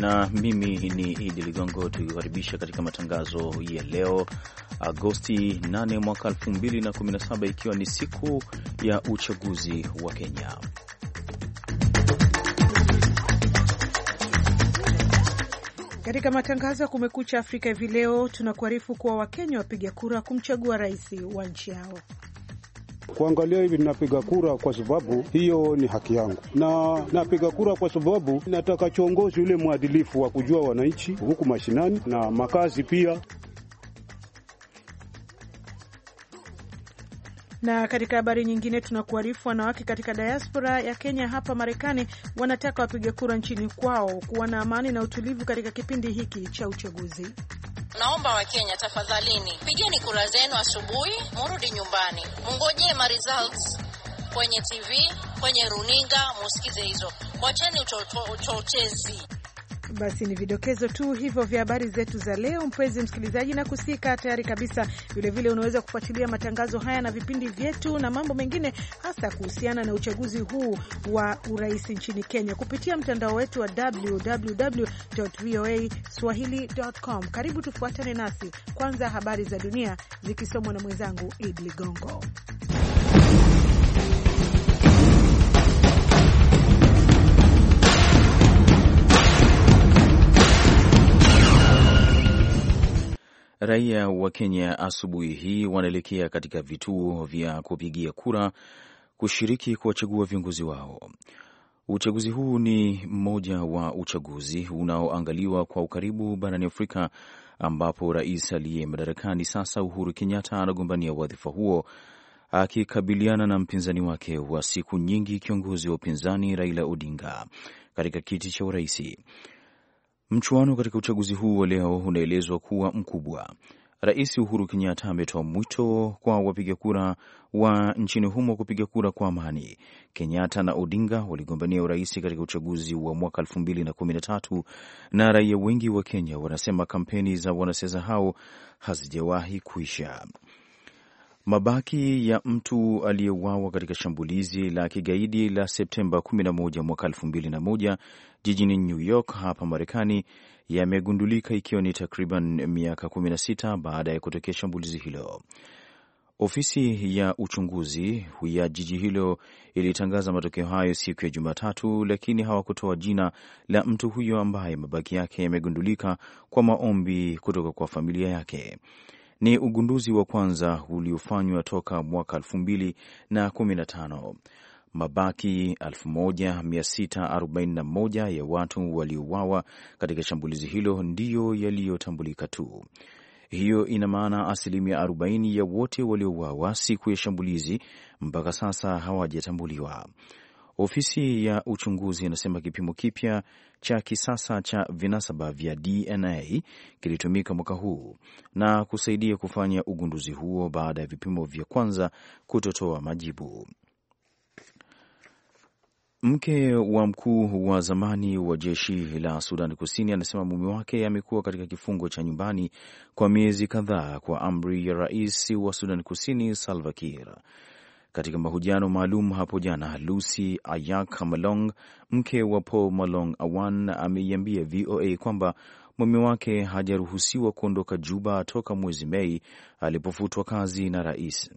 na mimi ni Idi Ligongo, tukikaribisha katika matangazo ya leo Agosti 8 mwaka 2017, ikiwa ni siku ya uchaguzi wa Kenya. Katika matangazo ya Kumekucha Afrika hivi leo tunakuarifu kuwa Wakenya wapiga kura kumchagua rais wa nchi yao. Kuangalia hivi ninapiga kura kwa sababu hiyo ni haki yangu, na napiga kura kwa sababu nataka kiongozi yule mwadilifu wa kujua wananchi huku mashinani na makazi pia. Na katika habari nyingine, tunakuarifu wanawake katika diaspora ya Kenya hapa Marekani wanataka wapiga kura nchini kwao kuwa na amani na utulivu katika kipindi hiki cha uchaguzi. Naomba Wakenya tafadhalini, pigeni kura zenu asubuhi, murudi nyumbani, mungojee ma results kwenye TV, kwenye runinga, musikize hizo, wacheni uchochezi. Basi ni vidokezo tu hivyo vya habari zetu za leo, mpenzi msikilizaji, na kusika tayari kabisa. Vilevile unaweza kufuatilia matangazo haya na vipindi vyetu na mambo mengine, hasa kuhusiana na uchaguzi huu wa urais nchini Kenya kupitia mtandao wetu wa www.voaswahili.com. Karibu tufuatane nasi. Kwanza habari za dunia zikisomwa na mwenzangu Idi Ligongo. raia wa Kenya asubuhi hii wanaelekea katika vituo vya kupigia kura kushiriki kuwachagua viongozi wao. Uchaguzi huu ni mmoja wa uchaguzi unaoangaliwa kwa ukaribu barani Afrika, ambapo rais aliye madarakani sasa Uhuru Kenyatta anagombania wadhifa huo akikabiliana na mpinzani wake wa siku nyingi, kiongozi wa upinzani Raila Odinga katika kiti cha uraisi. Mchuano katika uchaguzi huu wa leo unaelezwa kuwa mkubwa. Rais Uhuru Kenyatta ametoa mwito kwa wapiga kura wa nchini humo kupiga kura kwa amani. Kenyatta na Odinga waligombania urais katika uchaguzi wa mwaka elfu mbili na kumi na tatu na raia wengi wa Kenya wanasema kampeni za wanasiasa hao hazijawahi kuisha. Mabaki ya mtu aliyeuawa katika shambulizi la kigaidi la Septemba 11 mwaka 2001 jijini New York hapa Marekani yamegundulika ikiwa ni takriban miaka 16 baada ya kutokea shambulizi hilo. Ofisi ya uchunguzi ya jiji hilo ilitangaza matokeo hayo siku ya Jumatatu, lakini hawakutoa jina la mtu huyo ambaye mabaki yake yamegundulika kwa maombi kutoka kwa familia yake. Ni ugunduzi wa kwanza uliofanywa toka mwaka elfu mbili na kumi na tano mabaki 1641 ya watu waliouawa katika shambulizi hilo ndiyo yaliyotambulika tu. Hiyo ina maana asilimia 40 ya wote waliouawa siku ya shambulizi mpaka sasa hawajatambuliwa. Ofisi ya uchunguzi inasema kipimo kipya cha kisasa cha vinasaba vya DNA kilitumika mwaka huu na kusaidia kufanya ugunduzi huo baada ya vipimo vya kwanza kutotoa majibu. Mke wa mkuu wa zamani wa jeshi la Sudan Kusini anasema mume wake amekuwa katika kifungo cha nyumbani kwa miezi kadhaa kwa amri ya rais wa Sudan Kusini Salva Kiir. Katika mahojiano maalum hapo jana, Lucy Ayak Malong, mke wa Paul Malong Awan, ameiambia VOA kwamba mume wake hajaruhusiwa kuondoka Juba toka mwezi Mei alipofutwa kazi na rais.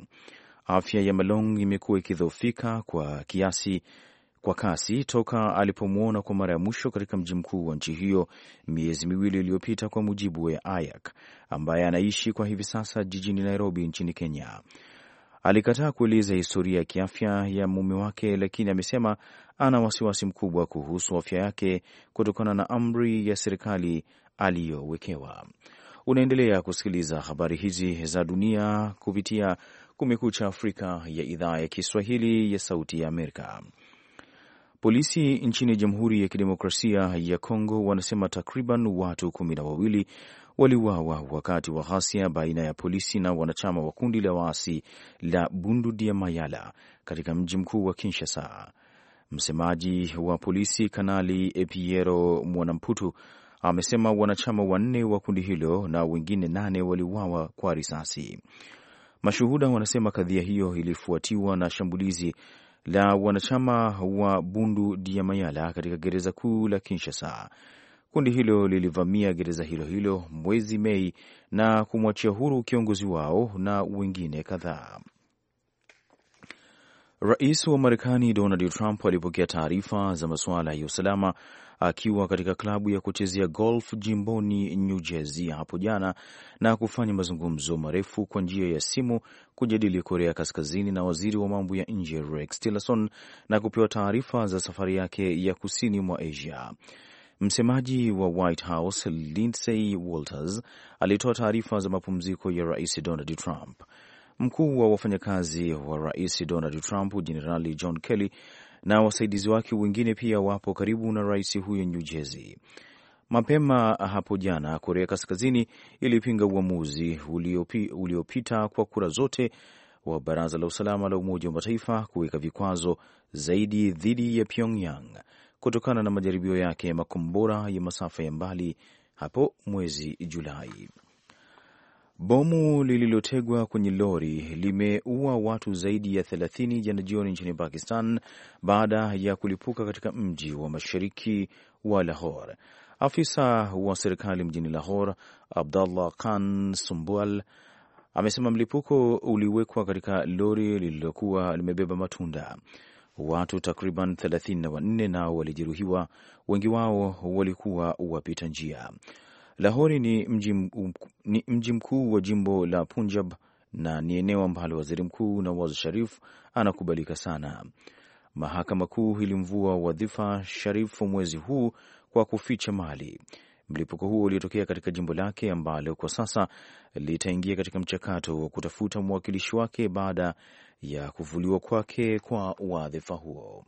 Afya ya Malong imekuwa ikidhoofika kwa kiasi kwa kasi toka alipomwona kwa mara ya mwisho katika mji mkuu wa nchi hiyo miezi miwili iliyopita, kwa mujibu wa Ayak ambaye anaishi kwa hivi sasa jijini Nairobi nchini Kenya. Alikataa kueleza historia ya kiafya ya mume wake, lakini amesema ana wasiwasi mkubwa kuhusu afya yake kutokana na amri ya serikali aliyowekewa. Unaendelea kusikiliza habari hizi za dunia kupitia Kumekucha Afrika ya idhaa ya Kiswahili ya Sauti ya Amerika. Polisi nchini Jamhuri ya Kidemokrasia ya Kongo wanasema takriban watu kumi na wawili waliuawa wakati wa ghasia baina ya polisi na wanachama wa kundi la waasi la Bundu dia Mayala katika mji mkuu wa Kinshasa. Msemaji wa polisi Kanali Epiero Mwanamputu amesema wanachama wanne wa kundi hilo na wengine nane waliuawa kwa risasi. Mashuhuda wanasema kadhia hiyo ilifuatiwa na shambulizi la wanachama wa Bundu dia mayala katika gereza kuu la Kinshasa. Kundi hilo lilivamia gereza hilo hilo mwezi Mei na kumwachia huru kiongozi wao na wengine kadhaa. Rais wa Marekani Donald Trump alipokea taarifa za masuala ya usalama akiwa katika klabu ya kuchezea golf jimboni New Jersey hapo jana na kufanya mazungumzo marefu kwa njia ya simu kujadili Korea Kaskazini na waziri wa mambo ya nje Rex Tillerson na kupewa taarifa za safari yake ya kusini mwa Asia. Msemaji wa White House Lindsay Walters alitoa taarifa za mapumziko ya Rais Donald Trump. Mkuu wa wafanyakazi wa Rais Donald Trump Jenerali John Kelly na wasaidizi wake wengine pia wapo karibu na rais huyo New Jersey. Mapema hapo jana, Korea Kaskazini ilipinga uamuzi uliopi, uliopita kwa kura zote wa Baraza la Usalama la Umoja wa Mataifa kuweka vikwazo zaidi dhidi ya Pyongyang kutokana na majaribio yake ya makombora ya masafa ya mbali hapo mwezi Julai. Bomu lililotegwa kwenye lori limeua watu zaidi ya 30 jana jioni nchini Pakistan baada ya kulipuka katika mji wa mashariki wa Lahore. Afisa wa serikali mjini Lahore, abdullah Khan Sumbual, amesema mlipuko uliwekwa katika lori lililokuwa limebeba matunda. Watu takriban 34 nao walijeruhiwa, wengi wao walikuwa wapita njia. Lahori ni mji, ni mji mkuu wa jimbo la Punjab na ni eneo ambalo waziri mkuu Nawaz Sharif anakubalika sana. Mahakama Kuu ilimvua wadhifa Sharif mwezi huu kwa kuficha mali. Mlipuko huo uliotokea katika jimbo lake ambalo kwa sasa litaingia katika mchakato wa kutafuta mwakilishi wake baada ya kuvuliwa kwake kwa wadhifa huo.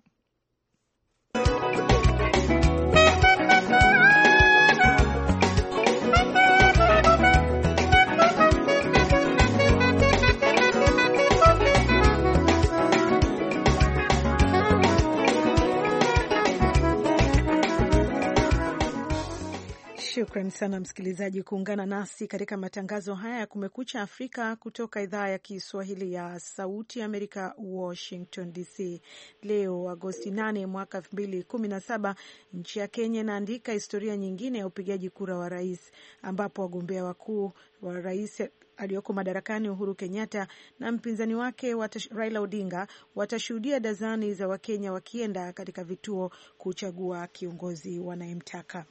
Shukran sana msikilizaji kuungana nasi katika matangazo haya ya Kumekucha Afrika kutoka idhaa ya Kiswahili ya Sauti Amerika, Washington DC. Leo Agosti 8 mwaka 2017, nchi ya Kenya inaandika historia nyingine ya upigaji kura wa rais, ambapo wagombea wakuu wa rais aliyoko madarakani Uhuru Kenyatta na mpinzani wake watash, Raila Odinga watashuhudia dazani za Wakenya wakienda katika vituo kuchagua kiongozi wanayemtaka.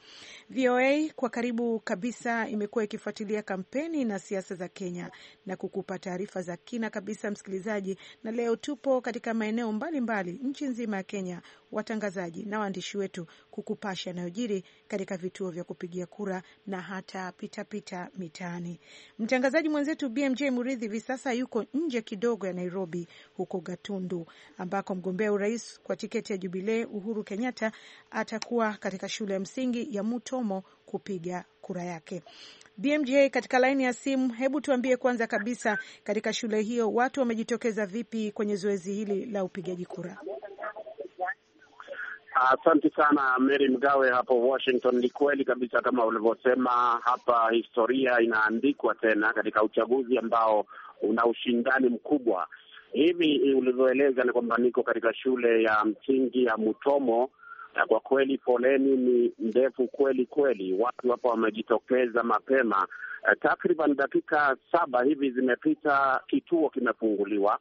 VOA kwa karibu kabisa imekuwa ikifuatilia kampeni na siasa za Kenya na kukupa taarifa za kina kabisa, msikilizaji, na leo tupo katika maeneo mbalimbali nchi nzima ya Kenya, watangazaji na waandishi wetu kukupasha yanayojiri katika vituo vya kupigia kura na hata pitapita mitaani. Mtangazaji mwenzetu BMJ Muridhi hivi sasa yuko nje kidogo ya Nairobi, huko Gatundu, ambako mgombea urais kwa tiketi ya Jubilee Uhuru Kenyatta atakuwa katika shule ya msingi ya Mutomo kupiga kura yake. BMJ katika laini ya simu, hebu tuambie kwanza kabisa, katika shule hiyo watu wamejitokeza vipi kwenye zoezi hili la upigaji kura? Asante sana Mary Mgawe hapo Washington. Ni kweli kabisa kama ulivyosema hapa, historia inaandikwa tena katika uchaguzi ambao una ushindani mkubwa. Hivi ulivyoeleza ni kwamba niko katika shule ya msingi ya Mutomo, na kwa kweli foleni ni ndefu kweli kweli. Watu hapo wamejitokeza mapema. Eh, takriban dakika saba hivi zimepita, kituo kimefunguliwa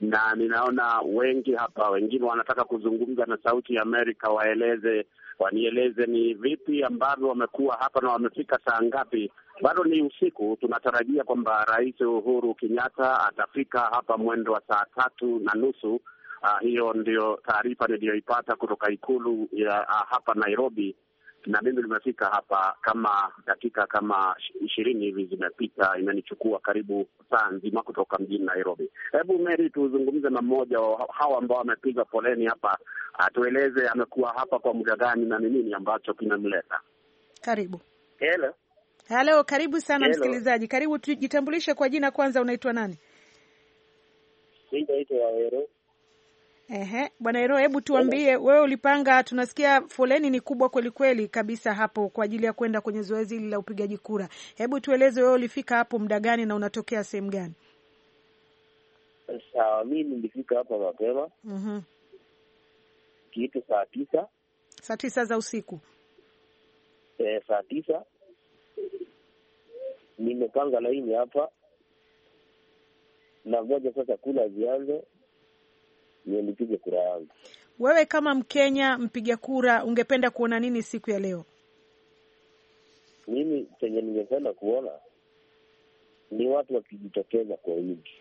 na ninaona wengi hapa, wengine wanataka kuzungumza na Sauti ya Amerika, waeleze wanieleze ni vipi ambavyo wamekuwa hapa na wamefika saa ngapi. Bado ni usiku, tunatarajia kwamba Rais Uhuru Kenyatta atafika hapa mwendo wa saa tatu na nusu. Uh, hiyo ndio taarifa niliyoipata kutoka ikulu ya uh, hapa Nairobi na mimi nimefika hapa kama dakika kama ishirini hivi zimepita. Imenichukua karibu saa nzima kutoka mjini Nairobi. Hebu Meri, tuzungumze na mmoja wa hawa ambao wamepiga foleni hapa, atueleze amekuwa hapa kwa muda gani na ni nini ambacho kimemleta. Karibu. Hello. Halo, karibu sana msikilizaji, karibu. Tujitambulishe kwa jina kwanza, unaitwa nani? naitwa Ehe, Bwana Ero, hebu tuambie wewe, ulipanga, tunasikia foleni ni kubwa kweli kweli kabisa hapo kwa ajili ya kwenda kwenye zoezi hili la upigaji kura. Hebu tueleze wewe ulifika hapo muda gani na unatokea sehemu gani? Sawa, mi nilifika hapa mapema mm -hmm. kitu saa tisa saa tisa za usiku e, saa tisa nimepanga laini hapa na ngoja sasa kula zianze niwe nipige kura yangu. Wewe kama Mkenya mpiga kura, ungependa kuona nini siku ya leo? Mimi chenye ningependa kuona ni watu wakijitokeza kwa wingi,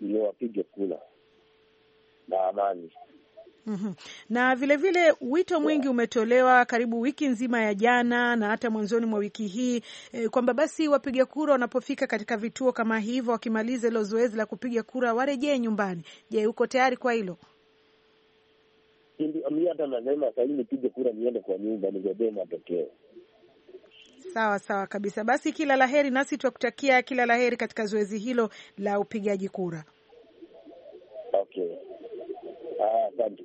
ndio wapige kura na amani. Mm -hmm. Na vilevile vile, wito mwingi umetolewa karibu wiki nzima ya jana na hata mwanzoni mwa wiki hii e, kwamba basi wapiga kura wanapofika katika vituo kama hivyo wakimaliza hilo zoezi la kupiga kura warejee nyumbani. Je, uko tayari kwa hilo? Mi hata nasema sahii nipige kura niende kwa nyumba nigojee matokeo. Sawa sawa kabisa, basi kila la heri, nasi twakutakia kila la heri katika zoezi hilo la upigaji kura. Okay, ah, asante.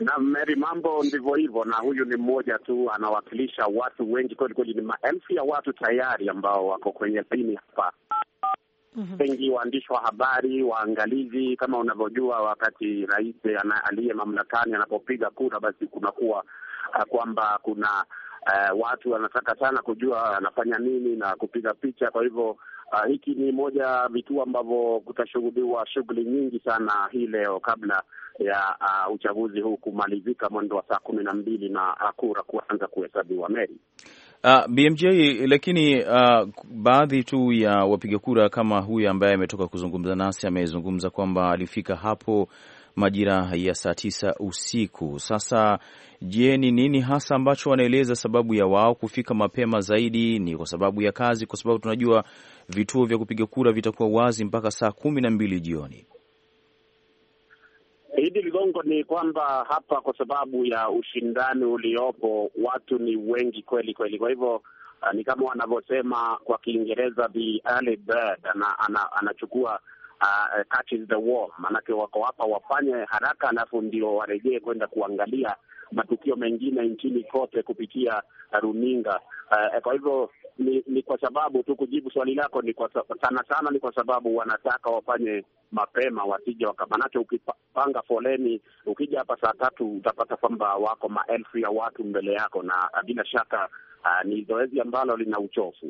Na Mary, mambo ndivyo hivyo, na huyu ni mmoja tu, anawakilisha watu wengi kweli kweli, ni maelfu ya watu tayari ambao wako kwenye laini hapa mhm. wengi waandishi wa habari, waangalizi. Kama unavyojua, wakati rais aliye mamlakani anapopiga kura, basi kunakuwa ah, kwamba kuna uh, watu wanataka sana kujua anafanya nini na kupiga picha. Kwa hivyo Uh, hiki ni moja vituo ambavyo kutashuhudiwa shughuli nyingi sana hii leo kabla ya uh, uchaguzi huu kumalizika mwendo wa saa kumi na mbili na ah, kura kuanza kuhesabiwa Meri. Uh, BMJ lakini uh, baadhi tu ya wapiga kura kama huyu ambaye ametoka kuzungumza nasi amezungumza kwamba alifika hapo majira ya saa tisa usiku. Sasa je, ni nini hasa ambacho wanaeleza sababu ya wao kufika mapema zaidi? Ni kwa sababu ya kazi? Kwa sababu tunajua vituo vya kupiga kura vitakuwa wazi mpaka saa kumi na mbili jioni. Hili ligongo ni kwamba hapa, kwa sababu ya ushindani uliopo, watu ni wengi kweli kweli, kwa hivyo ah, ni kama wanavyosema kwa Kiingereza, bi early bird anachukua uh, uh catches the war, maanake wako hapa wafanye haraka, alafu ndio warejee kwenda kuangalia matukio mengine nchini kote kupitia runinga. Uh, eh, kwa hivyo ni, ni kwa sababu tu kujibu swali lako, ni kwa sana sana ni kwa sababu wanataka wafanye mapema, wasije waka, ukipanga foleni, ukija hapa saa tatu utapata kwamba wako maelfu ya watu mbele yako, na bila shaka uh, ni zoezi ambalo lina uchofu.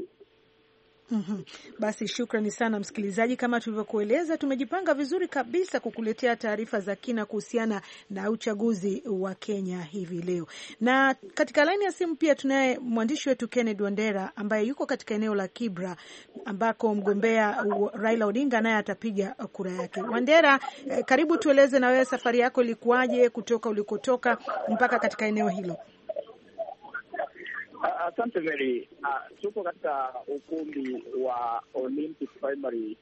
Mm -hmm. Basi shukrani sana msikilizaji, kama tulivyokueleza, tumejipanga vizuri kabisa kukuletea taarifa za kina kuhusiana na uchaguzi wa Kenya hivi leo, na katika laini ya simu pia tunaye mwandishi wetu Kennedy Wandera ambaye yuko katika eneo la Kibra ambako mgombea Raila Odinga naye atapiga kura yake. Wandera, eh, karibu tueleze na wewe safari yako ilikuwaje kutoka ulikotoka mpaka katika eneo hilo. Asante Mary. Tuko katika ukumbi wa Olympic Primary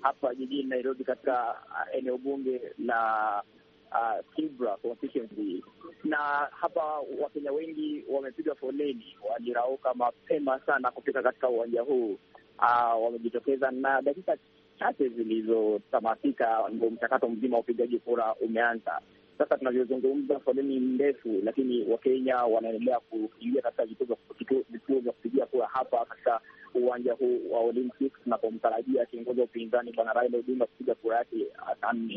hapa jijini Nairobi, katika eneo bunge la uh, constituency, na hapa Wakenya wengi wamepiga foleni, walirauka mapema sana kufika katika uwanja huu. Uh, wamejitokeza na dakika chache zilizotamatika, ndio mchakato mzima wa upigaji kura umeanza sasa tunavyozungumza, foleni ndefu, lakini Wakenya wanaendelea kuingia katika vituo vya kupigia kura hapa katika uwanja huu wa Olympics tunapomtarajia kiongozi wa upinzani Bwana Raila Odinga kupiga kura yake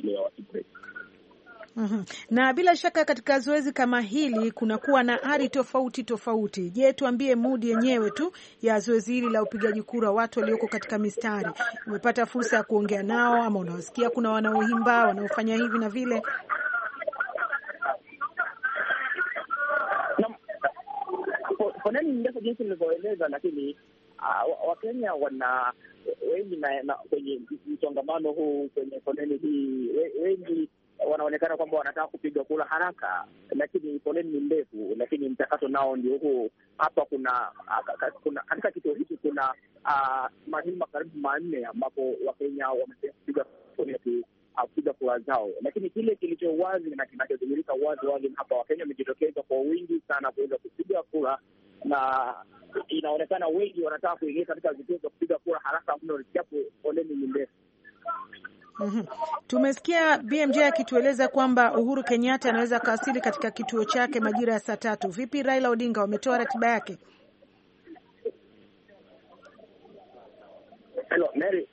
leo asubuhi. Mm -hmm. Na bila shaka katika zoezi kama hili kunakuwa na ari tofauti tofauti. Je, tuambie mudi yenyewe tu ya zoezi hili la upigaji kura, watu walioko katika mistari, umepata fursa ya kuongea nao ama unawasikia kuna wanaoimba wanaofanya hivi na vile? foleni ni ndefu jinsi nilivyoeleza, lakini ah, Wakenya wana wengi na, na kwenye msongamano huu kwenye foleni hii wengi wanaonekana kwamba wanataka kupiga kura haraka, lakini foleni ni ndefu, lakini mchakato nao ndio huo hapa. Kuna, ah, kuna katika kituo hiki kuna uh, mahema karibu manne ambapo wakenya wamepiga kupiga kura zao, lakini kile kilicho wazi na kinachodhihirika wazi wazi hapa, wakenya wamejitokeza kwa wingi sana kuweza kupiga kura na inaonekana wengi wanataka kuingia katika vituo vya kupiga kura haraka mno, japo foleni ni ndefu. Mm -hmm. Tumesikia BMJ akitueleza kwamba Uhuru Kenyatta anaweza akawasili katika kituo chake majira ya saa tatu. Vipi Raila Odinga, wametoa ratiba yake? Hello, Mary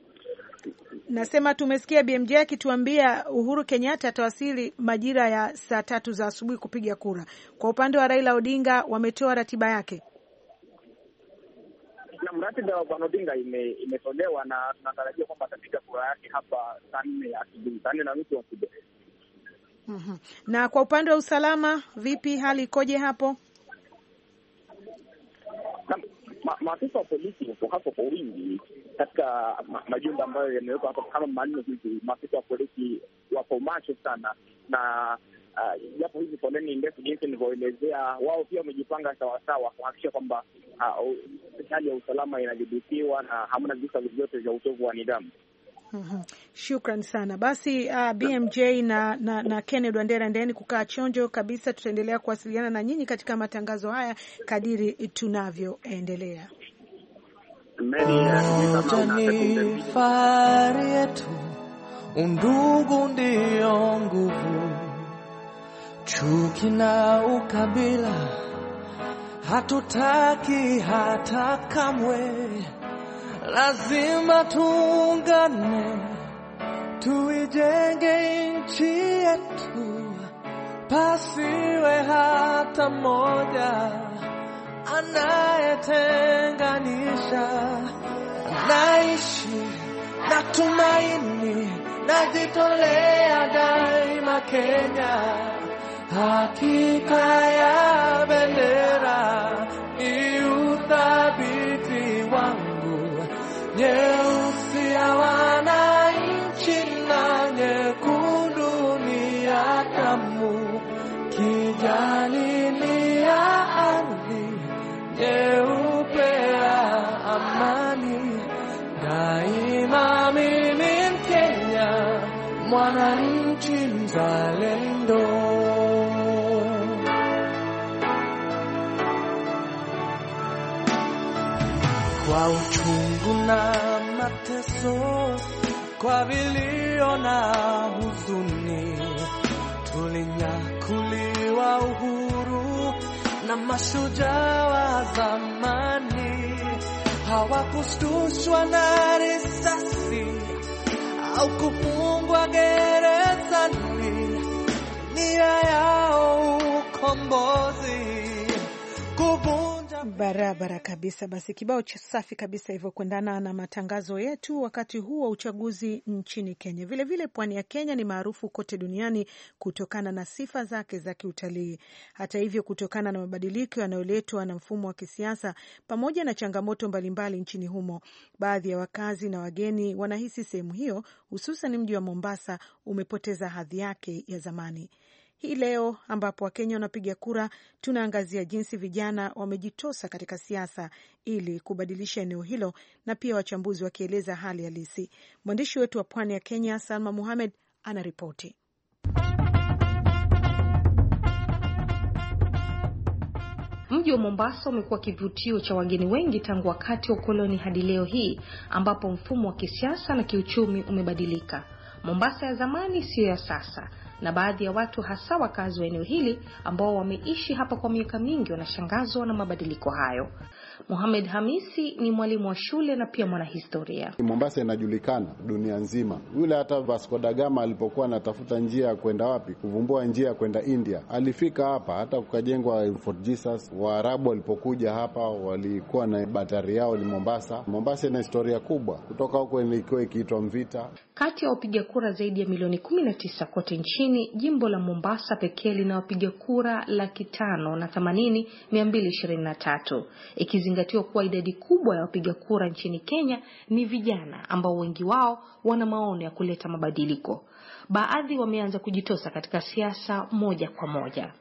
nasema tumesikia BMJ akituambia Uhuru Kenyatta atawasili majira ya saa tatu za asubuhi kupiga kura. Kwa upande wa Raila Odinga wametoa ratiba yake na ratiba ya Bwana Odinga imetolewa na tunatarajia kwamba atapiga kura yake hapa saa nne asubuhi, saa nne na nusu asubuhi. Mhm. Na kwa upande wa usalama vipi, hali ikoje hapo? maafisa wa polisi wako hapo kwa wingi katika majumba ambayo yamewekwa hapo kama manne hivi. Maafisa wa polisi wako macho sana na japo uh, hizi foleni ndefu jinsi nilivyoelezea, wao pia wamejipanga sawasawa kuhakikisha kwamba hali uh, ya usalama inadhibitiwa na hamna visa vyovyote vya utovu wa nidhamu. Mm -hmm. Shukran sana basi, uh, BMJ na, na, na Kennedy Wandera, ndeni kukaa chonjo kabisa. Tutaendelea kuwasiliana na nyinyi katika matangazo haya kadiri tunavyoendelea. Fahari yetu, undugu ndiyo nguvu, chuki na ukabila hatutaki hata kamwe lazima tuungane, tuijenge nchi yetu, pasiwe hata mmoja anayetenganisha. Naishi na tumaini, najitolea daima Kenya, hakika ya bendera ni uthabiti nyeusi ya wananchi na nyekundu ni ya KAMU, kijani ni ya ardhi, nyeupe ya amani. Daima mimi Mkenya, mwananchi mzalendo na mateso, kwa vilio na huzuni, tulinyakuliwa uhuru na mashujaa wa zamani. Hawakushtushwa na risasi au kufungwa gerezani, nia yao ukombozi Barabara kabisa. Basi kibao cha safi kabisa hivyo kuendana na matangazo yetu wakati huu wa uchaguzi nchini Kenya. Vilevile pwani ya Kenya ni maarufu kote duniani kutokana na sifa zake za kiutalii. Hata hivyo, kutokana na mabadiliko yanayoletwa na mfumo wa kisiasa pamoja na changamoto mbalimbali nchini humo, baadhi ya wakazi na wageni wanahisi sehemu hiyo, hususan mji wa Mombasa, umepoteza hadhi yake ya zamani hii leo ambapo Wakenya wanapiga kura, tunaangazia jinsi vijana wamejitosa katika siasa ili kubadilisha eneo hilo, na pia wachambuzi wakieleza hali halisi. Mwandishi wetu wa pwani ya Kenya, Salma Muhamed, anaripoti. Mji wa Mombasa umekuwa kivutio cha wageni wengi tangu wakati wa ukoloni hadi leo hii, ambapo mfumo wa kisiasa na kiuchumi umebadilika. Mombasa ya zamani siyo ya sasa, na baadhi ya watu hasa wakazi wa eneo hili ambao wameishi hapa kwa miaka mingi wanashangazwa na mabadiliko hayo. muhamed Hamisi ni mwalimu wa shule na pia mwanahistoria. Mombasa inajulikana dunia nzima. Yule hata Vasco da Gama alipokuwa anatafuta njia ya kwenda wapi, kuvumbua njia ya kwenda India, alifika hapa, hata kukajengwa Fort Jesus. Waarabu walipokuja hapa walikuwa na batari yao ni Mombasa. Mombasa ina historia kubwa, kutoka huko ikiwa ikiitwa Mvita. Kati ya wapiga kura zaidi ya milioni 19 kote nchini, jimbo la Mombasa pekee lina wapiga kura laki tano na themanini mia mbili ishirini na tatu, ikizingatiwa kuwa idadi kubwa ya wapiga kura nchini Kenya ni vijana ambao wengi wao wana maono ya kuleta mabadiliko. Baadhi wameanza kujitosa katika siasa moja kwa moja.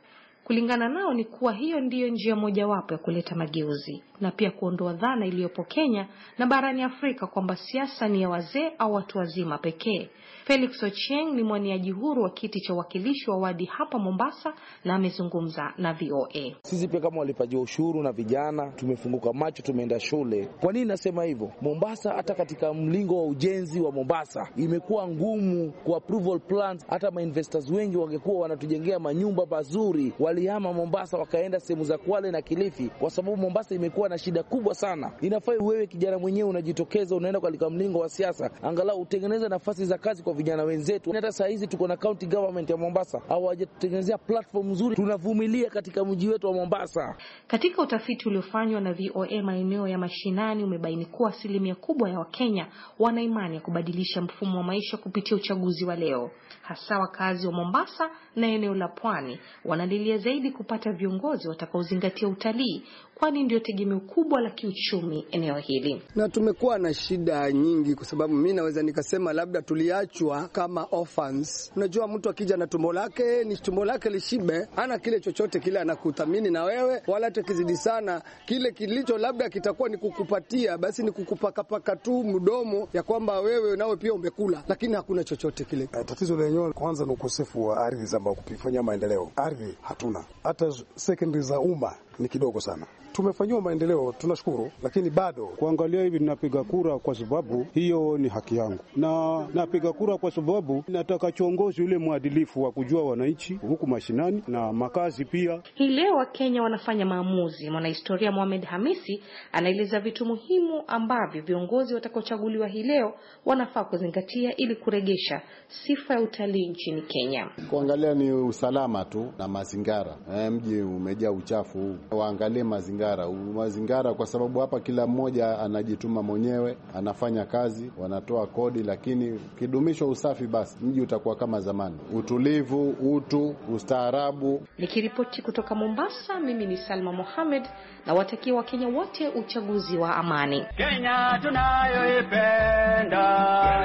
Kulingana nao ni kuwa hiyo ndiyo njia mojawapo ya kuleta mageuzi na pia kuondoa dhana iliyopo Kenya na barani Afrika kwamba siasa ni ya wazee au watu wazima pekee. Felix Ocheng ni mwaniaji huru wa kiti cha uwakilishi wa wadi hapa Mombasa na amezungumza na VOA. Sisi pia kama walipaji ushuru na vijana tumefunguka macho, tumeenda shule. Kwa nini nasema hivyo? Mombasa hata katika mlingo wa ujenzi wa Mombasa imekuwa ngumu kwa approval plans, hata mainvestors wengi wangekuwa wanatujengea manyumba mazuri walihama Mombasa wakaenda sehemu za Kwale na Kilifi, kwa sababu Mombasa imekuwa na shida kubwa sana. Inafai wewe kijana mwenyewe unajitokeza, unaenda katika mlingo wa siasa, angalau utengeneze nafasi za kazi kwa vijana wenzetu. Hata saa hizi tuko na county government ya Mombasa, hawajatutengenezea platform nzuri, tunavumilia katika mji wetu wa Mombasa. Katika utafiti uliofanywa na VOA maeneo ya mashinani, umebaini kuwa asilimia kubwa ya Wakenya wana imani ya kubadilisha mfumo wa maisha kupitia uchaguzi wa leo, hasa wakazi wa Mombasa na eneo la pwani wanalilia zaidi kupata viongozi watakaozingatia utalii kwani ndio tegemeo kubwa la kiuchumi eneo hili. Na tumekuwa na shida nyingi, kwa sababu mi naweza nikasema labda tuliachwa kama orphans. Unajua, mtu akija na tumbo lake ni tumbo lake lishibe, ana kile chochote kile, anakuthamini na wewe, wala hata kizidi sana kile kilicho labda kitakuwa ni kukupatia, basi ni kukupakapaka tu mdomo ya kwamba wewe nawe pia umekula, lakini hakuna chochote kile. Uh, tatizo lenyewe kwanza ni ukosefu wa ardhi za kufanya maendeleo. Ardhi hatuna, hata sekondari za umma ni kidogo sana tumefanyiwa maendeleo, tunashukuru, lakini bado kuangalia hivi. Napiga kura kwa sababu hiyo ni haki yangu, na napiga kura kwa sababu nataka kiongozi yule mwadilifu wa kujua wananchi huku mashinani na makazi pia. Hii leo Wakenya wanafanya maamuzi. Mwanahistoria Mohamed Hamisi anaeleza vitu muhimu ambavyo viongozi watakaochaguliwa hii leo wanafaa kuzingatia ili kuregesha sifa ya utalii nchini Kenya. Kuangalia ni usalama tu na mazingira. Eh, mji umejaa uchafu, waangalie mazingira Mazingara. Mazingara kwa sababu hapa kila mmoja anajituma mwenyewe, anafanya kazi, wanatoa kodi, lakini ukidumishwa usafi, basi mji utakuwa kama zamani, utulivu, utu, ustaarabu. Nikiripoti kutoka Mombasa, mimi ni Salma Mohamed na watakia Wakenya wote uchaguzi wa amani. Kenya tunayoipenda.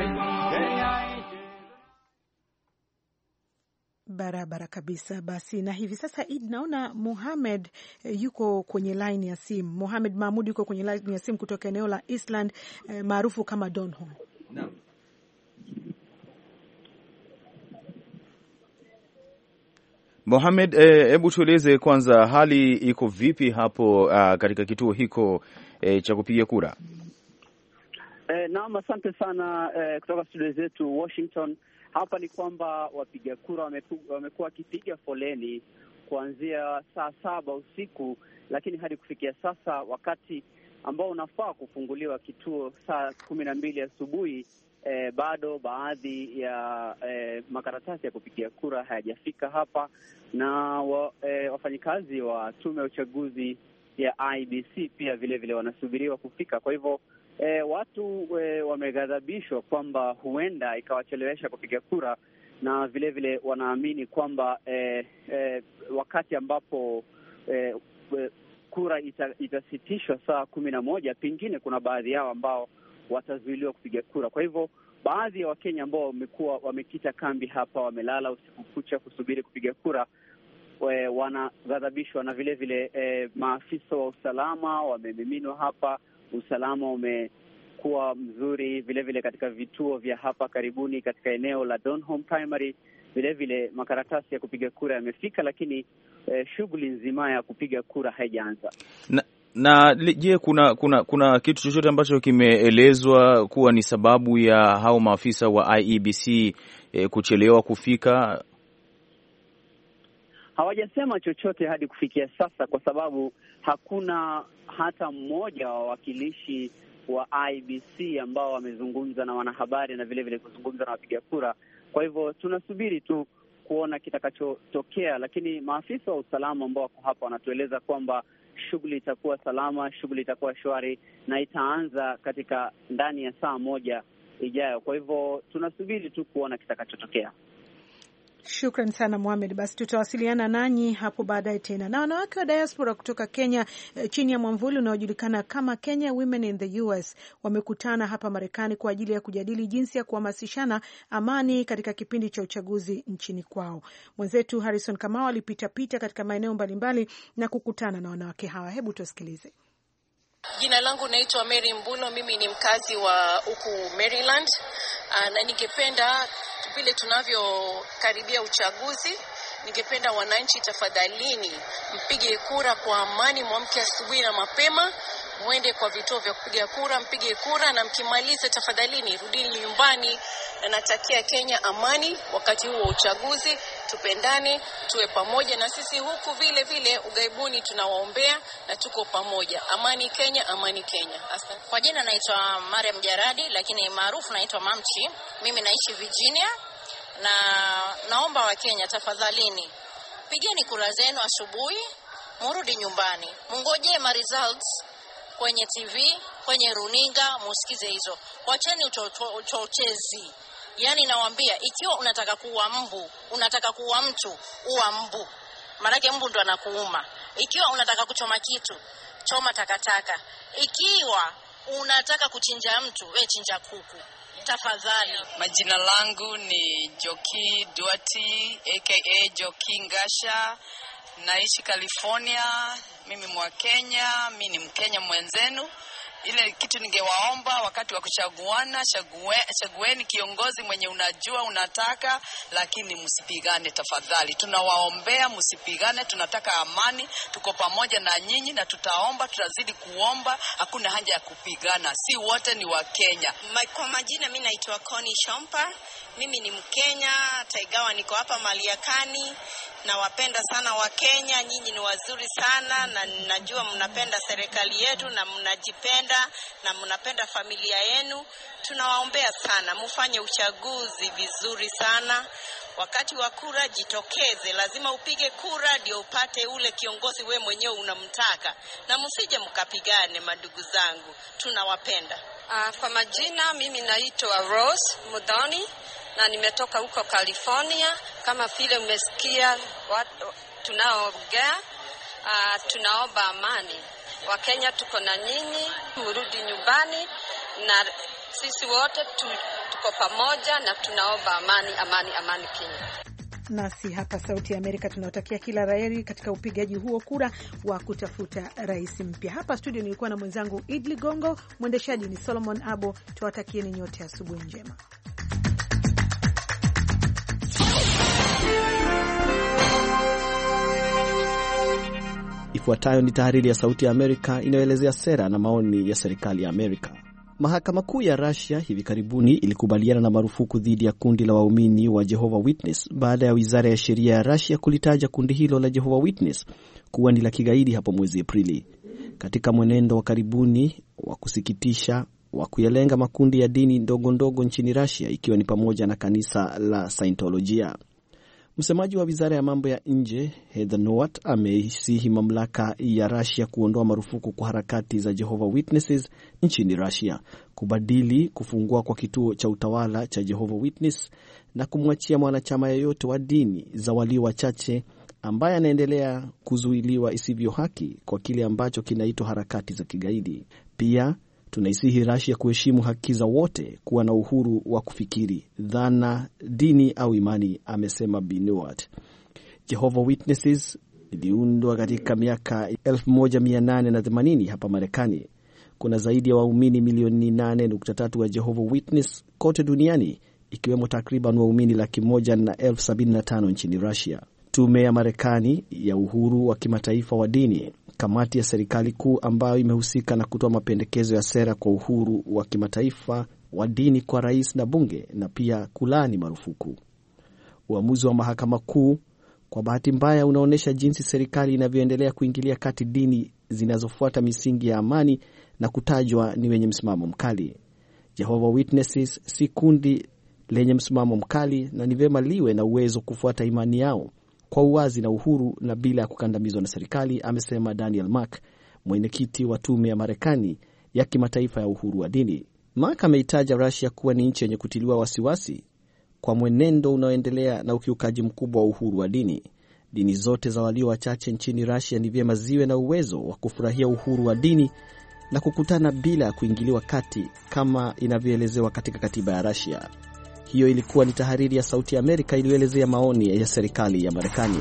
Kenya. Kenya. Barabara kabisa. Basi na hivi sasa, Id, naona Muhamed eh, yuko kwenye laini ya simu. Muhamed Mahmud yuko kwenye laini ya simu kutoka eneo la Eastland eh, maarufu kama Donholm. Naam. Mohamed, eh, hebu tueleze kwanza hali iko vipi hapo ah, katika kituo hiko eh, cha kupiga kura? Eh, naam, asante sana eh, kutoka studio zetu Washington. Hapa ni kwamba wapiga kura wamekuwa wakipiga foleni kuanzia saa saba usiku, lakini hadi kufikia sasa wakati ambao unafaa kufunguliwa kituo saa kumi na mbili asubuhi eh, bado baadhi ya eh, makaratasi ya kupigia kura hayajafika hapa, na wa, eh, wafanyikazi wa tume ya uchaguzi ya IBC pia vilevile vile wanasubiriwa kufika. Kwa hivyo e, watu e, wameghadhabishwa kwamba huenda ikawachelewesha kupiga kura, na vilevile vile wanaamini kwamba e, e, wakati ambapo e, e, kura ita, itasitishwa saa kumi na moja, pengine kuna baadhi yao ambao watazuiliwa kupiga kura. Kwa hivyo baadhi ya Wakenya ambao wamekuwa wamekita kambi hapa, wamelala usiku kucha kusubiri kupiga kura wanaghadhabishwa na vilevile vile, e, maafisa wa usalama wamemiminwa hapa usalama umekuwa mzuri vilevile vile katika vituo vya hapa karibuni katika eneo la Donholm Primary vilevile vile makaratasi ya kupiga kura yamefika, lakini eh, shughuli nzima ya kupiga kura haijaanza na na je, kuna kuna kuna kitu chochote ambacho kimeelezwa kuwa ni sababu ya hao maafisa wa IEBC e, eh, kuchelewa kufika hawajasema chochote hadi kufikia sasa, kwa sababu hakuna hata mmoja wa wawakilishi wa IBC ambao wamezungumza na wanahabari na vilevile vile kuzungumza na wapiga kura. Kwa hivyo tunasubiri tu kuona kitakachotokea, lakini maafisa wa usalama ambao wako hapa wanatueleza kwamba shughuli itakuwa salama, shughuli itakuwa shwari na itaanza katika ndani ya saa moja ijayo. Kwa hivyo tunasubiri tu kuona kitakachotokea. Shukran sana Muhamed, basi tutawasiliana nanyi hapo baadaye tena. Na wanawake wa diaspora kutoka Kenya eh, chini ya mwamvuli unaojulikana kama Kenya Women in the US wamekutana hapa Marekani kwa ajili ya kujadili jinsi ya kuhamasishana amani katika kipindi cha uchaguzi nchini kwao. Mwenzetu Harrison Kamau alipitapita katika maeneo mbalimbali na kukutana na wanawake hawa. Hebu tusikilize. Jina langu naitwa Mary Mbulo, mimi ni mkazi wa huku Maryland, ah, na ningependa vile tunavyokaribia uchaguzi, ningependa wananchi, tafadhalini mpige kura kwa amani, mwamke asubuhi na mapema mwende kwa vituo vya kupiga kura, mpige kura, na mkimaliza, tafadhalini rudini nyumbani. Natakia Kenya amani wakati huu wa uchaguzi, tupendane, tuwe pamoja na sisi huku vile vile ugaibuni, tunawaombea na tuko pamoja. Amani Kenya, amani Kenya. Asante. Kwa jina naitwa Mariam Jaradi, lakini maarufu naitwa Mamchi. Mimi naishi Virginia na naomba Wakenya tafadhalini, pigeni kura zenu asubuhi, murudi nyumbani, mungoje ma results kwenye TV, kwenye runinga, musikize hizo. Wacheni uchochezi. Yaani nawaambia, ikiwa unataka kuua mbu, unataka kuua mtu, ua mbu, maanake mbu ndo anakuuma. Ikiwa unataka kuchoma kitu, choma takataka. Ikiwa unataka kuchinja mtu, we chinja kuku. Tafadhali. Majina langu ni Joki Duati aka Joki Ngasha, naishi California. Mimi mwa Kenya, mi ni Mkenya mwenzenu ile kitu ningewaomba wakati wa kuchaguana, chagueni kiongozi mwenye unajua unataka, lakini msipigane tafadhali. Tunawaombea msipigane, tunataka amani, tuko pamoja na nyinyi na tutaomba, tutazidi kuomba, hakuna haja ya kupigana, si wote ni Wakenya. Kwa majina, mi naitwa Koni Shompa, mimi ni Mkenya taigawa, niko hapa Maliakani. Nawapenda sana Wakenya, nyinyi ni wazuri sana na najua mnapenda serikali yetu na mnajipenda mnatupenda na mnapenda familia yenu. Tunawaombea sana, mufanye uchaguzi vizuri sana. Wakati wa kura jitokeze, lazima upige kura ndio upate ule kiongozi we mwenyewe unamtaka, na msije mkapigane. Madugu zangu, tunawapenda. Uh, kwa majina mimi naitwa Rose Mudhoni na nimetoka huko California. Kama vile umesikia tunaoongea, uh, ah, tunaomba amani. Wakenya tuko na nyinyi, urudi nyumbani, na sisi wote tu, tuko pamoja na tunaomba amani, amani, amani Kenya. Nasi hapa Sauti ya Amerika tunawatakia kila raheri katika upigaji huo kura wa kutafuta rais mpya. Hapa studio nilikuwa na mwenzangu Idli Gongo, mwendeshaji ni Solomon Abo. Tuwatakieni nyote asubuhi njema. Ifuatayo ni tahariri ya Sauti ya Amerika inayoelezea sera na maoni ya serikali ya Amerika. Mahakama Kuu ya Rusia hivi karibuni ilikubaliana na marufuku dhidi ya kundi la waumini wa Jehova Witness baada ya wizara ya sheria ya Rusia kulitaja kundi hilo la jehova Witness kuwa ni la kigaidi hapo mwezi Aprili, katika mwenendo wa karibuni wa kusikitisha wa kuyalenga makundi ya dini ndogo ndogo nchini Rusia, ikiwa ni pamoja na kanisa la Saintolojia. Msemaji wa wizara ya mambo ya nje Heather Nauert ameisihi mamlaka ya rasia kuondoa marufuku kwa harakati za Jehovah Witnesses nchini Russia, kubadili kufungua kwa kituo cha utawala cha Jehovah Witness na kumwachia mwanachama yeyote wa dini za walio wachache ambaye anaendelea kuzuiliwa isivyo haki kwa kile ambacho kinaitwa harakati za kigaidi. Pia Tunaisihi Rasia kuheshimu haki za wote kuwa na uhuru wa kufikiri, dhana, dini au imani, amesema Binuat. Jehovah Witnesses iliundwa katika miaka 1880 hapa Marekani. Kuna zaidi ya wa waumini milioni 8.3 wa Jehovah Witness kote duniani, ikiwemo takriban waumini laki moja na elfu sabini na tano nchini Rusia tume ya Marekani ya uhuru wa kimataifa wa dini, kamati ya serikali kuu ambayo imehusika na kutoa mapendekezo ya sera kwa uhuru wa kimataifa wa dini kwa rais na bunge, na pia kulaani marufuku. Uamuzi wa mahakama kuu kwa bahati mbaya unaonyesha jinsi serikali inavyoendelea kuingilia kati dini zinazofuata misingi ya amani na kutajwa ni wenye msimamo mkali. Jehovah Witnesses si kundi lenye msimamo mkali na ni vema liwe na uwezo kufuata imani yao kwa uwazi na uhuru na bila ya kukandamizwa na serikali, amesema Daniel Mark, mwenyekiti wa tume ya Marekani ya kimataifa ya uhuru wa dini. Mark ameitaja Rusia kuwa ni nchi yenye kutiliwa wasiwasi kwa mwenendo unaoendelea na ukiukaji mkubwa wa uhuru wa dini. Dini zote za walio wachache nchini Rusia ni vyema ziwe na uwezo wa kufurahia uhuru wa dini na kukutana bila ya kuingiliwa kati kama inavyoelezewa katika katiba ya Rusia. Hiyo ilikuwa ni tahariri ya Sauti ya Amerika iliyoelezea maoni ya serikali ya Marekani.